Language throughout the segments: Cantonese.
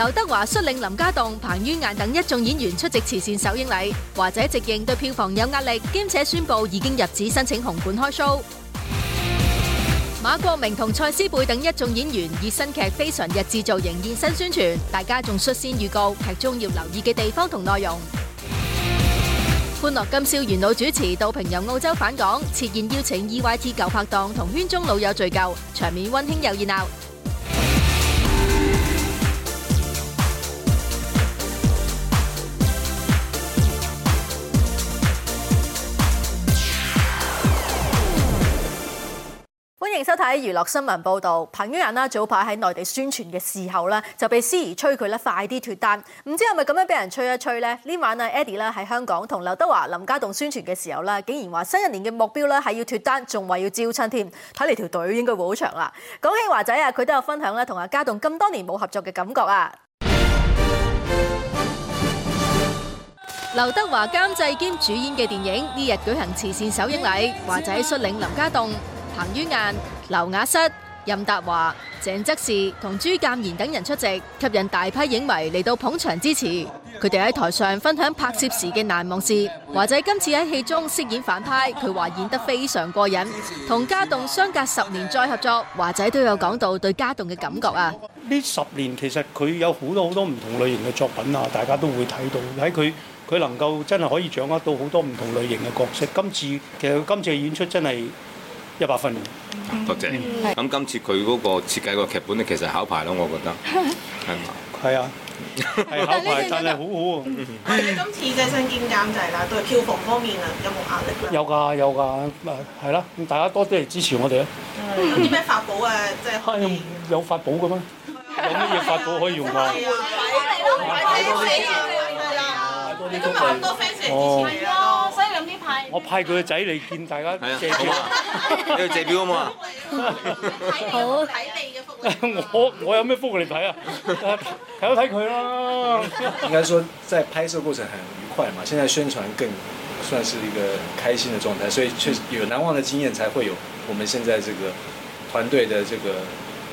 劉德華率領林家棟、彭于晏等一眾演員出席慈善首映禮，華仔直認對票房有壓力，兼且宣布已經入紙申請紅館開 show。 馬國明同蔡思貝等一眾演員以新劇《非常日志》造型現身宣傳，大家仲率先預告劇中要留意嘅地方同內容。《 歡樂今宵》元老主持杜平由澳洲返港，設宴邀請 EYT 舊拍檔同圈中老友聚舊，場面溫馨又熱鬧。歡迎收睇娛樂新聞報道。彭于晏啦，早排喺內地宣傳嘅時候咧，就被司儀催佢咧快啲脫單。唔知係咪咁樣俾人吹一吹呢？呢晚啊，Eddie 啦喺香港同劉德華、林家棟宣傳嘅時候啦，竟然話新一年嘅目標咧係要脫單，仲話要招親添。睇嚟條隊應該會好長啦。講起華仔啊，佢都有分享咧，同阿家棟咁多年冇合作嘅感覺啊。劉德華監製兼主演嘅電影呢日舉行慈善首映禮，華仔率領林家棟。彭于晏、劉雅瑟、任達華、鄭則仕同朱鑑賢等人出席，吸引大批影迷嚟到捧場支持。佢哋喺台上分享拍攝時嘅難忘事。華仔今次喺戲中飾演反派，佢話演得非常過癮。同家棟相隔十年再合作，華仔都有講到對家棟嘅感覺啊。呢十年其實佢有好多好多唔同類型嘅作品啊，大家都會睇到。喺佢佢能夠真係可以掌握到好多唔同類型嘅角色。今次其實今次嘅演出真係。一百分嘅，多謝。咁今次佢嗰個設計個劇本咧，其實考牌咯，我覺得，係嘛？係啊，係考牌，真係好好。咁，今次嘅新晉監製就係啦，對票房方面啊，有冇壓力？有㗎，有㗎，咪係啦。咁大家多啲嚟支持我哋啊！有啲咩法寶啊？即係有有法寶嘅咩？有乜嘢法寶可以用啊？你今日咁多 fans 嚟支持啊！我派佢個仔嚟見大家借 表，你要借表啊嘛！好， 睇你嘅福，我我有咩福你睇啊？睇到睇佢咯。應該說在拍攝過程很愉快嘛，現在宣傳更算是一個開心的狀態，所以確實有難忘的經驗才會有我們現在這個團隊的這個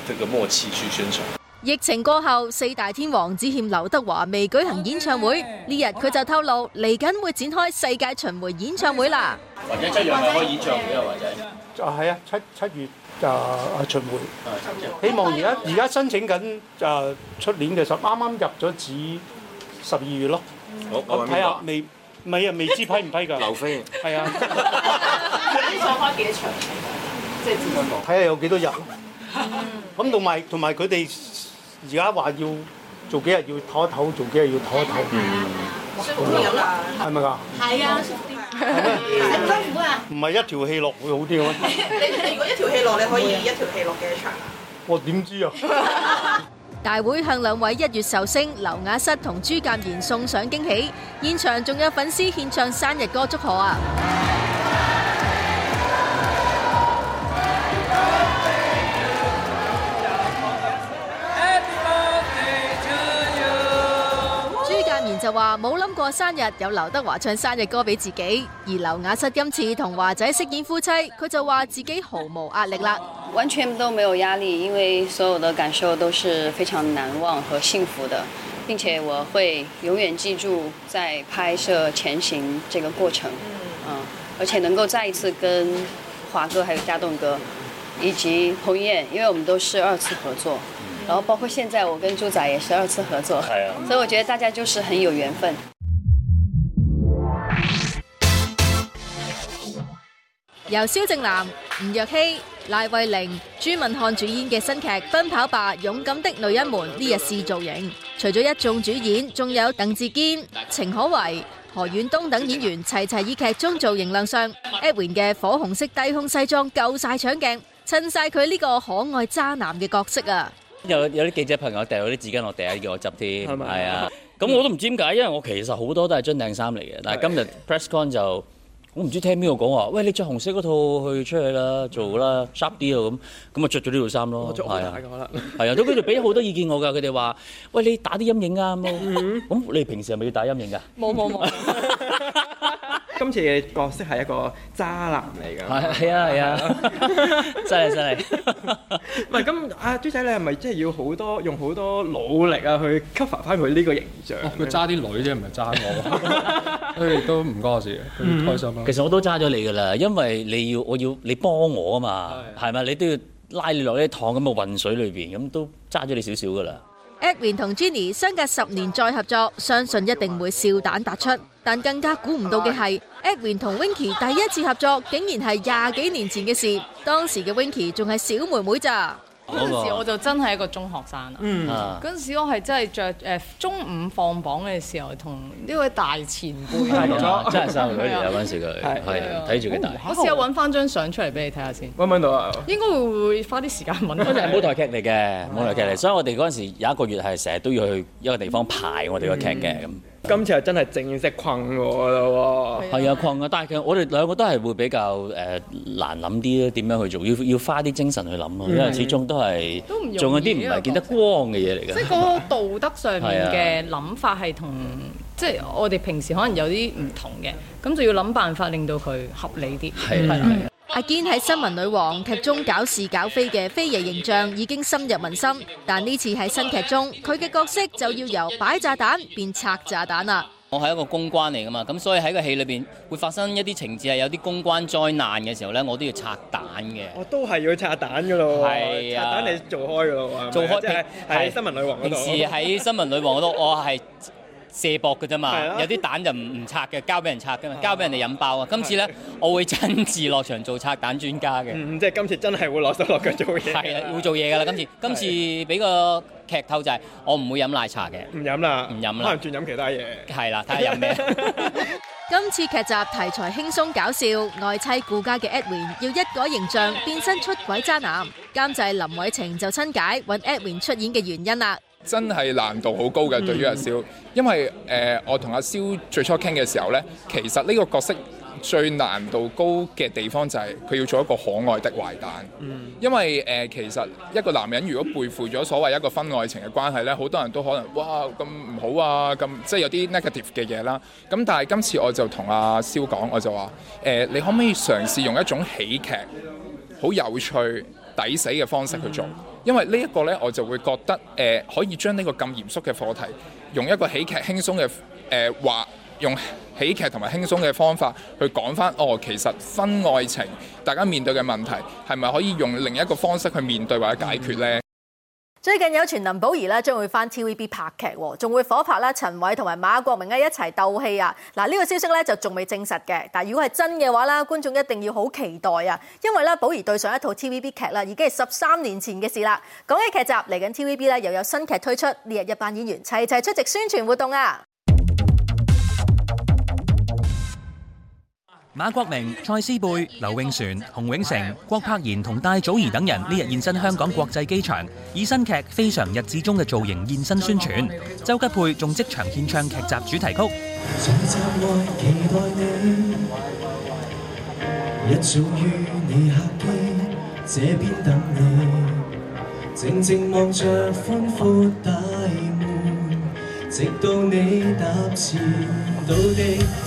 這個默契去宣傳。疫情過後四大天王只欠劉德華未舉行演唱會，呢日佢就透露嚟緊會展開世界巡回演唱會啦。或者、啊、七,七月開演唱會，或者就係啊七七月就巡回。希望而家而家申請緊就出年嘅時候，啱啱入咗紙十二月咯。好，咁睇下未，未啊未知批唔批噶。劉飛係啊。呢場開幾多場？即係自兩個。睇下有幾多日。咁同埋同埋佢哋。而家話要做幾日要唞一唞，做幾日要唞一唞。係啊，辛苦都有啦。係咪㗎？係啊，辛苦真唔啊？唔係一,一條戲落會好啲嘅咩？你如果一條戲落，你可以一條戲落幾場啊？我點知啊？大會向兩位一月壽星劉雅瑟同朱鑑賢送上驚喜，現場仲有粉絲獻唱生日歌祝賀啊！就話冇諗過生日有劉德華唱生日歌俾自己，而劉雅瑟今次同華仔飾演夫妻，佢就話自己毫無壓力啦，完全都沒有壓力，因為所有的感受都是非常難忘和幸福的，並且我會永遠記住在拍攝前行這個過程，而且能夠再一次跟華哥還有家棟哥以及彭于晏，因為我們都是二次合作。然後包括現在，我跟朱仔也是二次合作，啊、所以我覺得大家就是很有緣分。 由蕭正楠、吳若希、賴慧玲、朱敏瀚主演嘅新劇《奔跑吧勇敢的女人們》呢日試造型，除咗一眾主演，仲有鄧智堅、程可為、何遠東等演員齊齊以劇中造型亮相。Edwin 嘅火紅色低胸西裝夠晒搶鏡，襯晒佢呢個可愛渣男嘅角色啊！ 有有啲記者朋友掉咗啲紙巾落地下叫我執添，係咪？係啊，咁我都唔知點解，嗯、因為我其實好多都係樽領衫嚟嘅。但係今日 press con 就我唔知聽邊個講話，喂，你着紅色嗰套去出去啦，做啦，sharp 啲啊咁，咁啊着咗呢套衫咯，係啊，咁佢哋俾咗好多意見我㗎，佢哋話，喂，你打啲陰影啊，咁你平時係咪要打陰影㗎？冇冇冇。嗯嗯嗯嗯嗯。今次嘅角色係一個渣男嚟㗎，係啊係啊，犀利犀利。唔係咁，阿、啊、豬仔你係咪真係要好多用好多努力啊，去 cover 返佢呢個形象？佢揸啲女啫，唔係揸我。佢哋都唔關我事，開心、啊、其實我都揸咗你㗎啦，因為你要我要你幫我啊嘛，係咪吧？ 你都要拉你落呢一趟咁嘅混水裏邊，咁都揸咗你少少㗎啦。Edwin 同 Jenny 相隔十年再合作，相信一定會笑彈突出。但更加估唔到嘅係，Edwin 同 Winky 第一次合作竟然係廿幾年前嘅事，當時嘅 Winky 仲係小妹妹咋。嗰陣時我就真係一個中學生啦。嗯，嗰陣時我係真係着誒中五放榜嘅時候，同呢位大前輩。真係三歲啊！嗰陣時佢係睇住佢大。我試下揾返張相出嚟俾你睇下先。揾唔揾到啊？應該會唔會花啲時間揾。嗰陣係舞台劇嚟嘅，舞台劇嚟，所以我哋嗰陣時有一個月係成日都要去一個地方排我哋個劇嘅咁。今次係真係正式困我啦喎！係啊，困啊！啊，困，但係其實我哋兩個都係會比較誒、呃、難諗啲咯，點樣去做？要要花啲精神去諗咯，啊、因為始終都係都唔用、仲有啲唔係見得光嘅嘢嚟嘅。即係嗰個道德上面嘅諗法係同、啊、即係我哋平時可能有啲唔同嘅，咁就要諗辦法令到佢合理啲。係係。阿堅喺《新聞女王》劇中搞事搞非嘅非爺形象已經深入民心，但呢次喺新劇中，佢嘅角色就要由擺炸彈變拆炸彈啦。我係一個公關嚟噶嘛，咁所以喺個戲裏邊會發生一啲情節係有啲公關災難嘅時候咧，我都要拆彈嘅。我、哦、都係要拆蛋拆彈噶咯，啊、拆彈你做開噶咯，是是做開即係是喺是《新聞女王》嗰度。平時喺《新聞女王》嗰度，我係。卸薄嘅啫嘛，啊、有啲蛋就唔唔拆嘅，交俾人拆嘛，交俾人哋引爆啊！今次咧，啊、我會親自落場做拆蛋專家嘅，嗯，即係今次真係會落手落腳做嘢，係 啊，會做嘢噶啦！今次今次俾個劇透就係，啊、我唔會飲奶茶嘅，唔飲啦，唔飲啦，拉完轉飲其他嘢，係啦、啊，睇下飲咩？ 今次劇集題材輕鬆搞笑，外妻顧家嘅 Edwin 要一改形象，變身出軌渣男，監製林偉晴就親解揾 Edwin 出演嘅原因啦。真係難度好高嘅，對於阿蕭，因為誒、呃、我同阿蕭最初傾嘅時候呢，其實呢個角色最難度高嘅地方就係佢要做一個可愛的壞蛋。因為誒、呃、其實一個男人如果背負咗所謂一個婚外情嘅關係呢，好多人都可能哇，咁唔好啊，咁即係有啲 negative 嘅嘢啦。咁但係今次我就同阿蕭講，我就話誒、呃、你可唔可以嘗試用一種喜劇、好有趣、抵死嘅方式去做？因為呢一個呢，我就會覺得誒、呃、可以將呢個咁嚴肅嘅課題，用一個喜劇輕鬆嘅誒話，用喜劇同埋輕鬆嘅方法去講翻哦。其實分愛情，大家面對嘅問題係咪可以用另一個方式去面對或者解決呢？嗯」最近有傳林保怡咧，將會返 TVB 拍劇，仲會夥拍啦陳偉同埋馬國明咧一齊鬥戲啊！嗱、這、呢個消息咧就仲未證實嘅，但如果係真嘅話咧，觀眾一定要好期待啊！因為咧保怡對上一套 TVB 劇啦，已經係十三年前嘅事啦。講起劇集，嚟緊 TVB 咧又有新劇推出，呢日一班演員齊齊出席宣傳活動啊！馬國明、蔡思貝、劉穎璇、洪永城、郭柏然同戴祖儀等人呢日現身香港國際機場，以新劇《非常日誌》中嘅造型現身宣傳。周吉佩仲即場獻唱劇集主題曲。在窗外期待你，一早於你客機這邊等你，靜靜望着寬闊大霧，直到你踏前到地。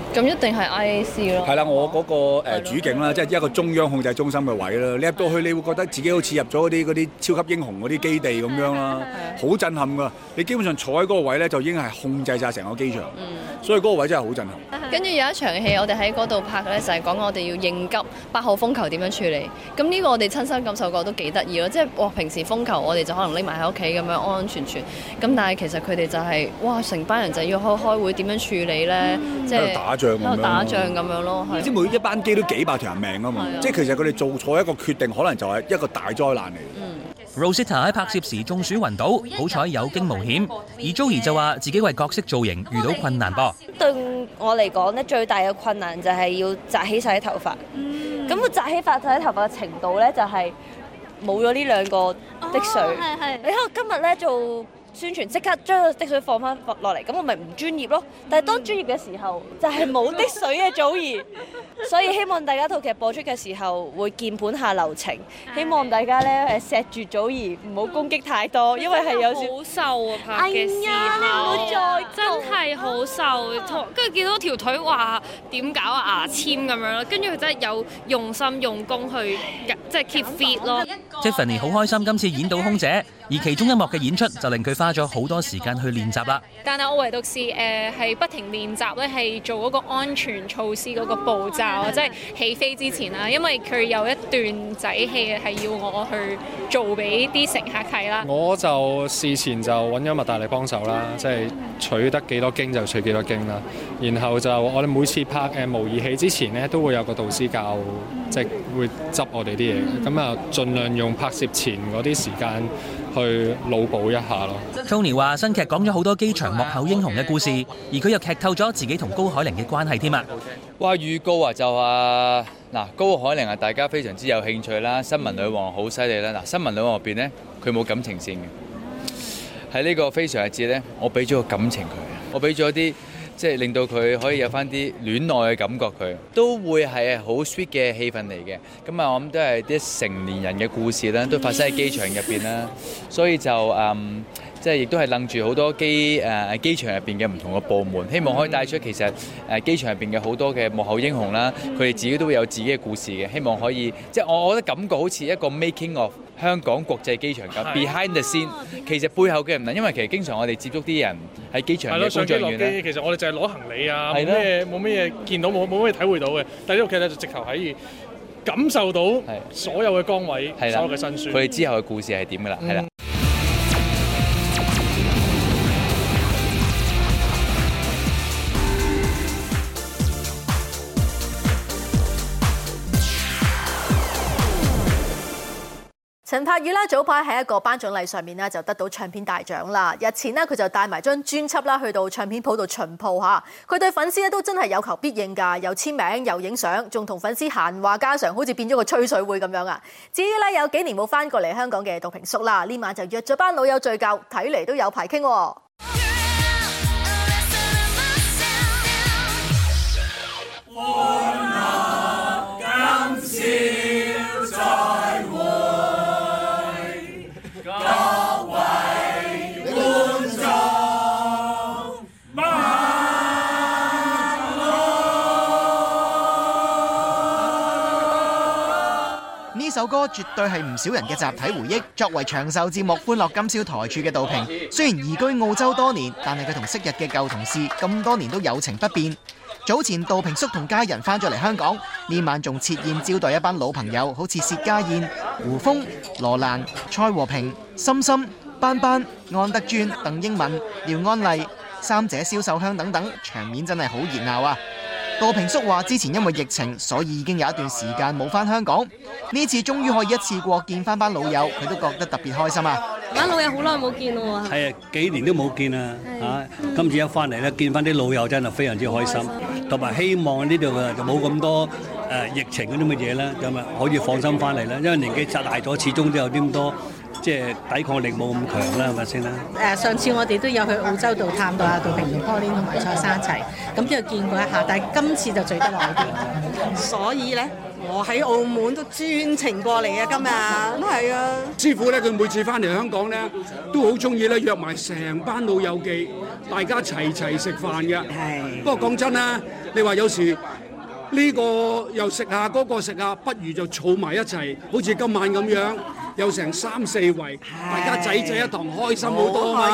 咁一定係 IAC 咯。係啦，我嗰、嗰個、呃、主景啦，即係一個中央控制中心嘅位啦。你入到去，的你會覺得自己好似入咗嗰啲嗰啲超級英雄嗰啲基地咁樣啦，好的震撼㗎！你基本上坐喺嗰個位咧，就已經係控制晒成個機場，的所以嗰個位真係好震撼。跟住、嗯、有一場戲，我哋喺嗰度拍咧，就係講我哋要應急八號風球點樣處理。咁呢個我哋親身感受過都幾得意咯，即係哇！平時風球我哋就可能匿埋喺屋企咁樣安安全全，咁但係其實佢哋就係、是、哇，成班人就要開開會點樣處理咧，即係。都打仗咁樣咯，你知每一班機都幾百條人命啊嘛，的即係其實佢哋做錯一個決定，可能就係一個大災難嚟。嗯，Rosita 喺拍攝時中暑暈倒，嗯、好彩有驚無險。嗯、而 Joey 就話自己為角色造型遇到困難噃。嗯、對我嚟講咧，最大嘅困難就係要紮起晒啲頭髮。嗯，咁個紮起髮紮起頭髮嘅程度咧，就係冇咗呢兩個的水。係係、哦，你睇我今日咧做，宣傳即刻將啲水放翻落嚟，咁我咪唔專業咯。但係當專業嘅時候就係冇滴水嘅祖兒，所以希望大家套劇播出嘅時候會鍵盤下留情。希望大家咧誒錫住祖兒，唔好攻擊太多，因為係有少少好瘦啊，拍嘅時候，哎、你唔好再真係好瘦，跟住見到條腿話點搞，啊、牙籤咁樣咯。跟住佢真係有用心用功去即係 keep fit 咯。Jaffney 好開心今次演到空姐，而其中一幕嘅演出就令佢。花咗好多時間去練習啦，但係我唯獨是誒係不停練習咧，係做嗰個安全措施嗰個步驟，即係起飛之前啦，因為佢有一段仔戲係要我去做俾啲乘客睇啦。我就事前就揾咗麥大嚟幫手啦，即係取得幾多經就取幾多經啦。然後就我哋每次拍誒模擬戲之前咧，都會有個導師教，即係會執我哋啲嘢。咁啊，盡量用拍攝前嗰啲時間。去腦補一下咯。Tony 話：新劇講咗好多機場幕後英雄嘅故事，而佢又劇透咗自己同高海寧嘅關係添啊。哇，預告啊，就啊嗱，高海寧啊，大家非常之有興趣啦。新聞女王好犀利啦。嗱、啊，新聞女王入邊咧，佢冇感情線嘅。喺呢個非常日子咧，我俾咗個感情佢，我俾咗啲。即係令到佢可以有翻啲戀愛嘅感覺，佢都會係好 sweet 嘅氣氛嚟嘅。咁啊，我諗都係啲成年人嘅故事啦，都發生喺機場入邊啦。所以就嗯，即係亦都係楞住好多機誒機場入邊嘅唔同嘅部門，希望可以帶出其實誒機場入邊嘅好多嘅幕後英雄啦。佢哋自己都會有自己嘅故事嘅，希望可以即係我覺得感覺好似一個 making of。香港國際機場咁的 behind the scene，其實背後嘅人啦，因為其實經常我哋接觸啲人喺機場嘅工作人員啊。攞上機落機，其實我哋就係攞行李啊，冇咩冇咩嘢見到，冇冇咩體會到嘅。但呢度其實就直頭喺感受到所有嘅崗位，的所有嘅辛酸。佢哋之後嘅故事係點㗎啦？係啦、嗯。陳柏宇早排喺一個頒獎禮上面咧就得到唱片大獎啦。日前咧佢就帶埋張專輯啦去到唱片鋪度巡鋪吓，佢對粉絲咧都真係有求必應噶，又簽名又影相，仲同粉絲閒話家常，好似變咗個吹水會咁樣啊。至於咧有幾年冇翻過嚟香港嘅杜平叔啦，呢晚就約咗班老友聚舊，睇嚟都有排傾。首歌絕對係唔少人嘅集體回憶。作為長壽節目《歡樂今宵》台柱嘅杜平，雖然移居澳洲多年，但係佢同昔日嘅舊同事咁多年都友情不變。早前杜平叔同家人返咗嚟香港，呢晚仲設宴招待一班老朋友，好似薛家燕、胡楓、羅蘭、蔡和平、心心、班班、安德尊、鄧英敏、廖安麗、三姐蕭秀香等等，場面真係好熱鬧啊！杜平叔話：之前因為疫情，所以已經有一段時間冇翻香港，呢次終於可以一次過見翻班老友，佢都覺得特別開心啊！啲老友好耐冇見咯喎，係啊，幾年都冇見啊，啊，今次一翻嚟咧，見翻啲老友真係非常之開心，同埋希望呢度啊就冇咁多誒疫情嗰啲乜嘢啦，咁啊可以放心翻嚟啦，因為年紀大咗，始終都有啲咁多。即係抵抗力冇咁強啦，係咪先啦？誒，上次我哋都有去澳洲度探到阿杜平尼哥呢同埋蔡生一齊，咁之後見過一下，但係今次就聚得耐啲。 所以咧，我喺澳門都專程過嚟啊！今日都係啊！師傅咧，佢每次翻嚟香港咧，都好中意咧約埋成班老友記，大家齊齊食飯嘅。係。 不過講真啦，你話有時。呢個又食下，嗰個食下，不如就儲埋一齊，好似今晚咁樣，有成三四位，哎、大家仔仔一堂，開心好多，啊，開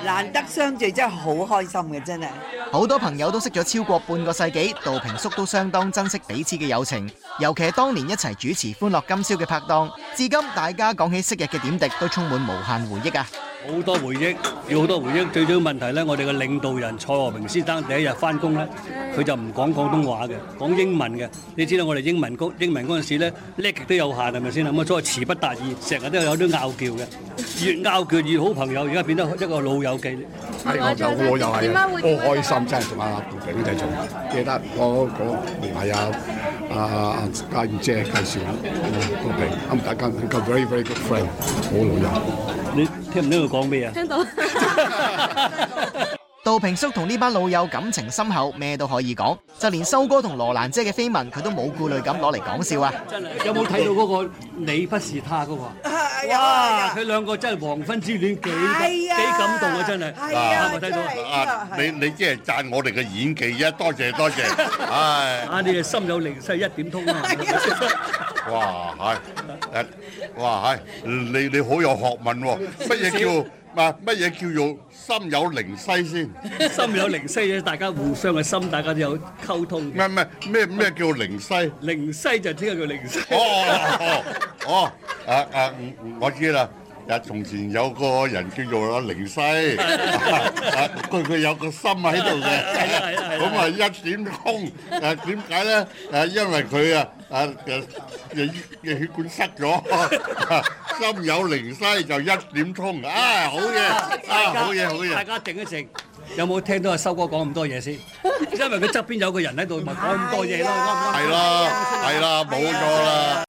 心，難得相聚真係好開心嘅，真係。好多朋友都識咗超過半個世紀，杜平叔都相當珍惜彼此嘅友情，尤其係當年一齊主持《歡樂今宵》嘅拍檔，至今大家講起昔日嘅點滴，都充滿無限回憶啊！好多回憶，要好多回憶。最主要問題咧，我哋嘅領導人蔡和平先生第一日翻工咧，佢就唔講廣東話嘅，講英文嘅。你知道我哋英文嗰英文嗰陣時咧叻極都有限，係咪先啊？咁啊，所謂詞不達意，成日都有啲拗撬嘅。越拗撬越好朋友，而家變得一個老友記。係老友，老友係。好開心真係同阿杜炳仔做，記得我、那、嗰個係啊啊，阿燕姐介紹杜炳，咁大家係個 very very good friend，好老友。你？聽唔聽到講咩啊？聽到。杜平叔同呢班老友感情深厚，咩都可以講，就連修哥同羅蘭姐嘅緋聞，佢都冇顧慮咁攞嚟講笑啊！真係。有冇睇到嗰個你不是他嗰個？有。哇！佢兩個真係黃昏之戀，幾感幾感動啊！真係。係啊。啊！睇到你你即係讚我哋嘅演技啊！多謝多謝。唉，啊！你啊，心有靈犀一點通啊！哇係，誒、哎，哇係、哎，你你好有學問喎、哦，乜嘢叫啊？乜嘢叫做心有靈犀先？心有靈犀咧，大家互相嘅心，大家都有溝通。唔係唔係，咩咩叫靈犀？靈犀就只係叫靈犀。哦哦，哦，哦，啊啊，我知啦。啊！從前有個人叫做阿靈犀，佢佢有個心喺度嘅，咁啊一點通。誒點解咧？誒因為佢啊啊嘅嘅血管塞咗，心有靈犀就一點通啊！好嘢啊！好嘢好嘢！大家靜一靜，有冇聽到阿收哥講咁多嘢先？因為佢側邊有個人喺度咪講咁多嘢咯，係啦，係啦，冇錯啦。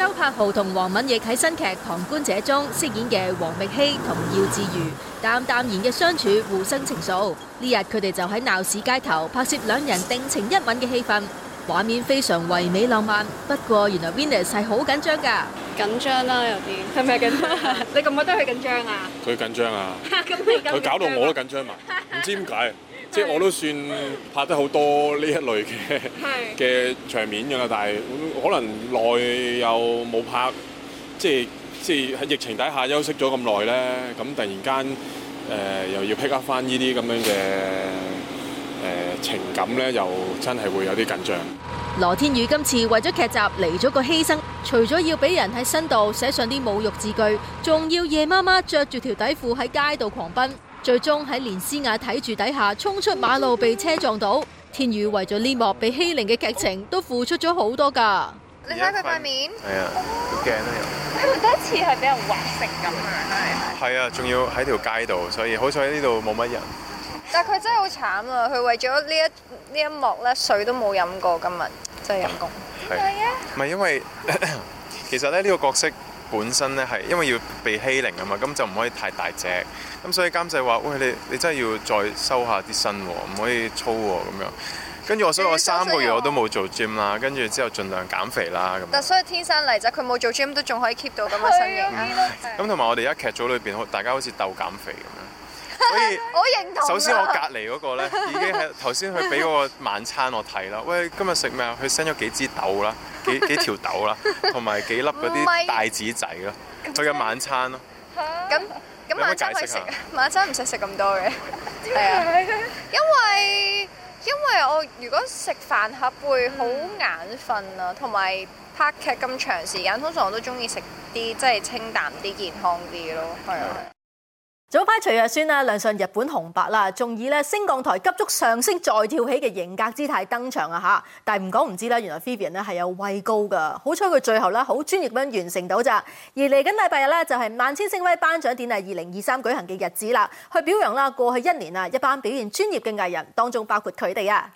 周柏豪同王敏奕喺新劇《旁觀者》中飾演嘅黃碧希同姚志瑜，淡淡然嘅相處，互生情愫。呢日佢哋就喺鬧市街頭拍攝兩人定情一吻嘅戲份，畫面非常唯美浪漫。不過原來 Venus 係好緊張噶，緊張啦，有啲係咪緊張？是是緊張 你覺唔覺得佢緊張啊？佢緊張啊，佢 搞到我都緊張埋，唔知點解。即係我都算拍得好多呢一類嘅嘅 是場面㗎，但係可能耐又冇拍，即係即係喺疫情底下休息咗咁耐咧，咁突然間誒、呃、又要 pick up 翻呢啲咁樣嘅誒、呃、情感咧，又真係會有啲緊張。羅天宇今次為咗劇集嚟咗個犧牲，除咗要俾人喺身度寫上啲侮辱字句，仲要夜媽媽着住條底褲喺街度狂奔。最終喺連詩雅睇住底下衝出馬路被車撞到，天宇為咗呢幕被欺凌嘅劇情都付出咗好多噶。你睇佢塊面，係啊，好驚啊又。佢第一次係俾人劃成咁樣啦，係。係啊，仲要喺條街度，所以好彩呢度冇乜人。但係佢真係好慘啊！佢為咗呢一呢一幕咧，水都冇飲過今日，真係入工。係啊。唔係的因為， 其實咧呢、這個角色。本身咧係因為要被欺凌啊嘛，咁就唔可以太大隻，咁所以監製話：喂，你你真係要再收下啲身喎、哦，唔可以粗喎、哦、咁樣。跟住我所以我三個月我都冇做 gym 啦，跟住之後盡量減肥啦咁。但所以天生麗仔，佢冇做 gym 都仲可以 keep 到咁嘅身型啊！咁同埋我哋而家劇組裏邊，大家好似鬥減肥咁樣。所以，我認同首先我隔離嗰個咧，已經係頭先佢俾嗰個晚餐我睇啦。 喂，今日食咩啊？佢生咗幾支豆啦，幾幾條豆啦，同埋幾粒嗰啲帶子仔咯。佢嘅是晚餐咯。咁咁晚餐可以食， 晚餐唔使食咁多嘅、 啊。因為因為我如果食飯盒會好眼瞓啊，同埋、嗯、拍劇咁長時間，通常我都中意食啲即係清淡啲、健康啲咯。係啊。 早排徐若瑄亮相日本紅白啦，仲以升降台急速上升再跳起嘅型格姿態登場啊吓！但係唔講唔知啦，原來 Vivian 咧係有畏高噶，好彩佢最後咧好專業咁完成到咋。而嚟緊禮拜日咧就係萬千星輝頒獎典禮二零二三舉行嘅日子啦，去表揚啦過去一年啊一班表現專業嘅藝人，當中包括佢哋啊。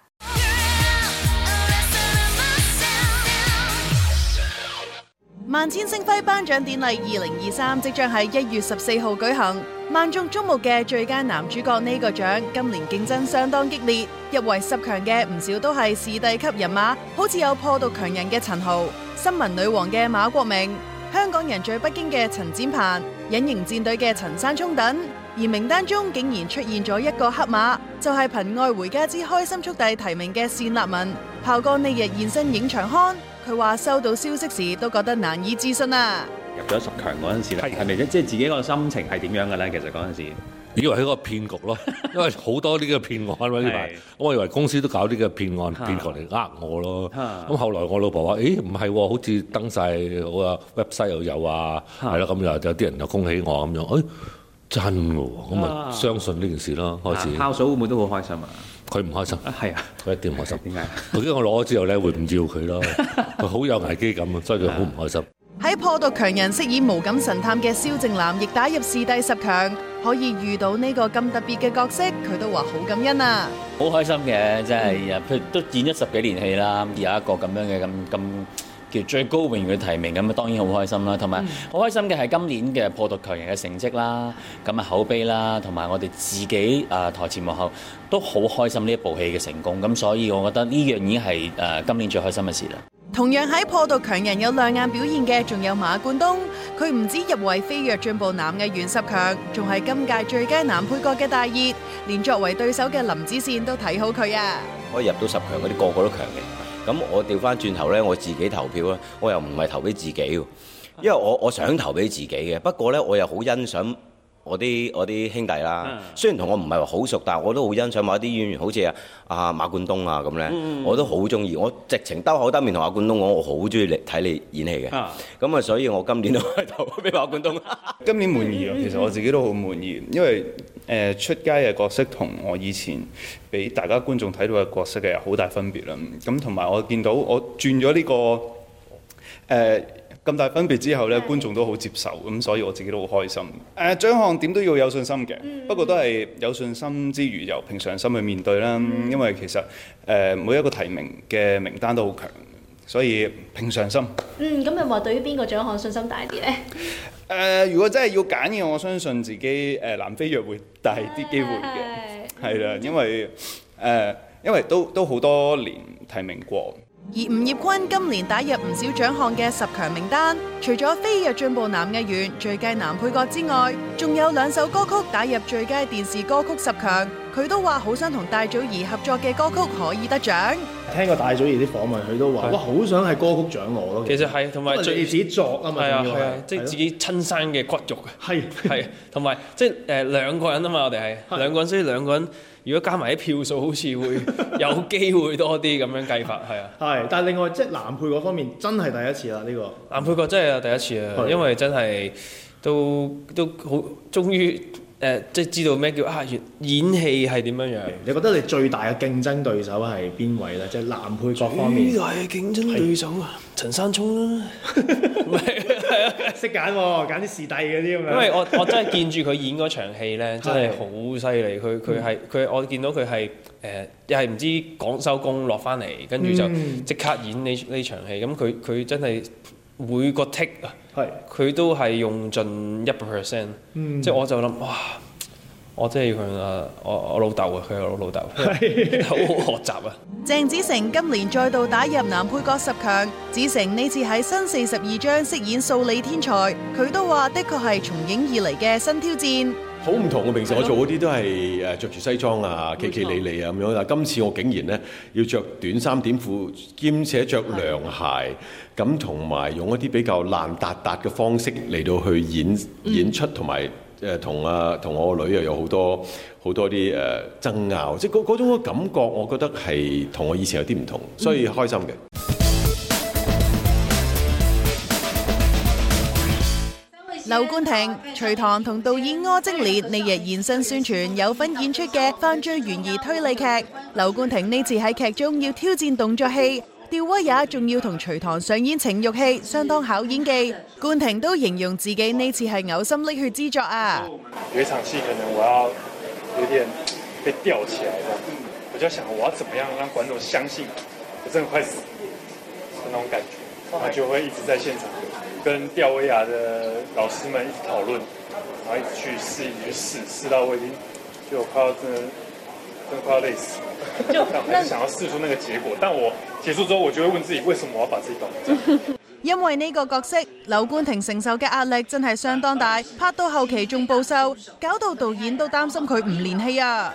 萬千星輝頒獎典禮二零二三，即將喺一月十四號舉行。萬眾矚目嘅最佳男主角呢個獎，今年競爭相當激烈。入圍十強嘅唔少都係視帝級人馬，好似有破毒強人嘅陳豪、新聞女王嘅馬國明、香港人在北京嘅陳展鵬、隱形戰隊嘅陳山聰等，而名單中竟然出現咗一個黑馬，就係《憑愛回家之開心速遞》提名嘅單立文，炮哥呢日現身影場刊。佢話收到消息時都覺得難以置信啊！入咗十強嗰陣時咧，係咪即係自己個心情係點樣嘅咧？其實嗰陣時以為係個騙局咯， 因為好多呢個騙案啊呢排，我以為公司都搞呢個騙案、啊、騙局嚟呃我咯。咁、啊、後來我老婆話，誒唔係，好似登晒我個 website 又有啊，係啦、啊，咁又有啲人又恭喜我咁樣，誒、欸、真㗎，咁啊相信呢件事咯。開始，孝嫂會唔會都好開心啊！啊啊啊啊啊啊啊啊佢唔開心，係啊，佢一定唔開心。點解、啊？啊、 我因為我攞咗之後咧，會唔要佢咯？佢好有危機感啊，所以佢好唔開心。喺、 啊、破毒強人飾演無感神探嘅蕭正楠，亦打入視帝十強。可以遇到呢個咁特別嘅角色，佢都話好感恩啊！好開心嘅，真係啊！佢都演咗十幾年戲啦，有一個咁樣嘅咁咁。叫最高榮譽嘅提名咁啊，當然好開心啦。同埋好開心嘅係今年嘅《破毒強人》嘅成績啦，咁啊口碑啦，同埋我哋自己啊、呃、台前幕後都好開心呢一部戲嘅成功。咁所以我覺得呢樣已經係誒、呃、今年最開心嘅事啦。同樣喺《破毒強人》有亮眼表現嘅，仲有馬冠東。佢唔止入圍飛躍進步男嘅前十強，仲係今屆最佳男配角嘅大熱。連作為對手嘅林子善都睇好佢啊！可以入到十強嗰啲，個個都強嘅。咁、嗯、我調翻轉頭咧，我自己投票啦。我又唔係投俾自己，因為我我想投俾自己嘅。不過咧，我又好欣賞我啲我啲兄弟啦。雖然同我唔係話好熟，但係我、啊啊啊嗯、我都好欣賞某啲演員，好似啊啊馬冠東啊咁咧，我都好中意。我直情兜口兜面同馬冠東講，我好中意你睇你演戲嘅。咁啊、嗯，所以我今年都係投俾馬冠東。 今年滿意啊，其實我自己都好滿意，因為。呃、出街嘅角色同我以前俾大家觀眾睇到嘅角色嘅好大分別啦。咁同埋我見到我轉咗呢、呢個咁、呃、大分別之後呢，觀眾都好接受，咁、嗯、所以我自己都好開心。誒、呃、獎項點都要有信心嘅，嗯、不過都係有信心之餘，由平常心去面對啦。嗯、因為其實誒、呃、每一個提名嘅名單都好強，所以平常心。嗯，咁有冇話對於邊個獎項信心大啲呢？誒、呃，如果真係要揀嘅，我相信自己誒、呃《南非約會》大啲機會嘅，係啦、哎，因為誒、呃，因為都都好多年提名過。而吳業坤今年打入唔少獎項嘅十強名單，除咗飛躍進步男藝員、最佳男配角之外，仲有兩首歌曲打入最佳電視歌曲十強。佢都話好想同戴祖儀合作嘅歌曲可以得獎。聽過戴祖儀啲訪問，佢都話：哇，好想係歌曲獎我咯。其實係同埋最自己作啊嘛，要係即係自己親生嘅骨肉啊。係係同埋即係誒兩個人啊嘛，我哋係兩個人，所以兩個人如果加埋啲票數，好似會有機會多啲咁樣計法係啊。係，但係另外即係男配角方面真係第一次啦呢個。男配角真係啊第一次啊，因為真係都都好終於。誒、呃，即係知道咩叫啊？演演戲係點樣樣？你覺得你最大嘅競爭對手係邊位咧？即係男配角方面最大競爭對手啊！是陳山聰啦、啊，識揀，揀啲時弟嗰啲咁樣。因為我我真係見住佢演嗰場戲咧， 真係好犀利。佢佢係佢，我見到佢係誒，又係唔知講收工落翻嚟，跟住就即刻演呢呢場戲。咁佢佢真係。每個 take 啊，佢都係用盡一百 percent，即係我就諗哇，我真係要向啊我我老豆啊，佢我老豆，好 好學習啊！ 鄭子誠今年再度打入男配角十強，子誠呢次喺新四十二章飾演數理天才，佢都話的確係從影以嚟嘅新挑戰。好唔同啊。平時我做嗰啲都係誒著住西裝啊、企企理理啊咁樣，但今次我竟然呢，要着短衫短褲，兼且着涼鞋，咁同埋用一啲比較爛達達嘅方式嚟到去演演出，同埋誒同阿同我女又有好多好多啲誒、呃、爭拗，即係嗰種嘅感覺，我覺得係同我以前有啲唔同，所以開心嘅。嗯劉冠廷、徐唐同導演柯貞年，呢日現身宣傳有份演出嘅犯罪懸疑推理劇。劉冠廷呢次喺劇中要挑戰動作戲，吊威也仲要同徐唐上演情欲戲，相當考演技。冠廷都形容自己呢次係嘔心瀝血之作啊！有一場戲可能我要有點被吊起來的，我就想我要怎麼樣讓觀眾相信我真快死嗰種感覺，我就會一直在現場。跟吊威亞的老師們一起討論，然後一直去試，一直試，試到我已經就快要真的真快要累死，就 想要試出那個結果。但我結束之後，我就會問自己，為什麼我要把自己搞？ 因為呢個角色，劉冠廷承受嘅壓力真係相當大，拍到後期仲暴瘦，搞到導演都擔心佢唔連戲啊。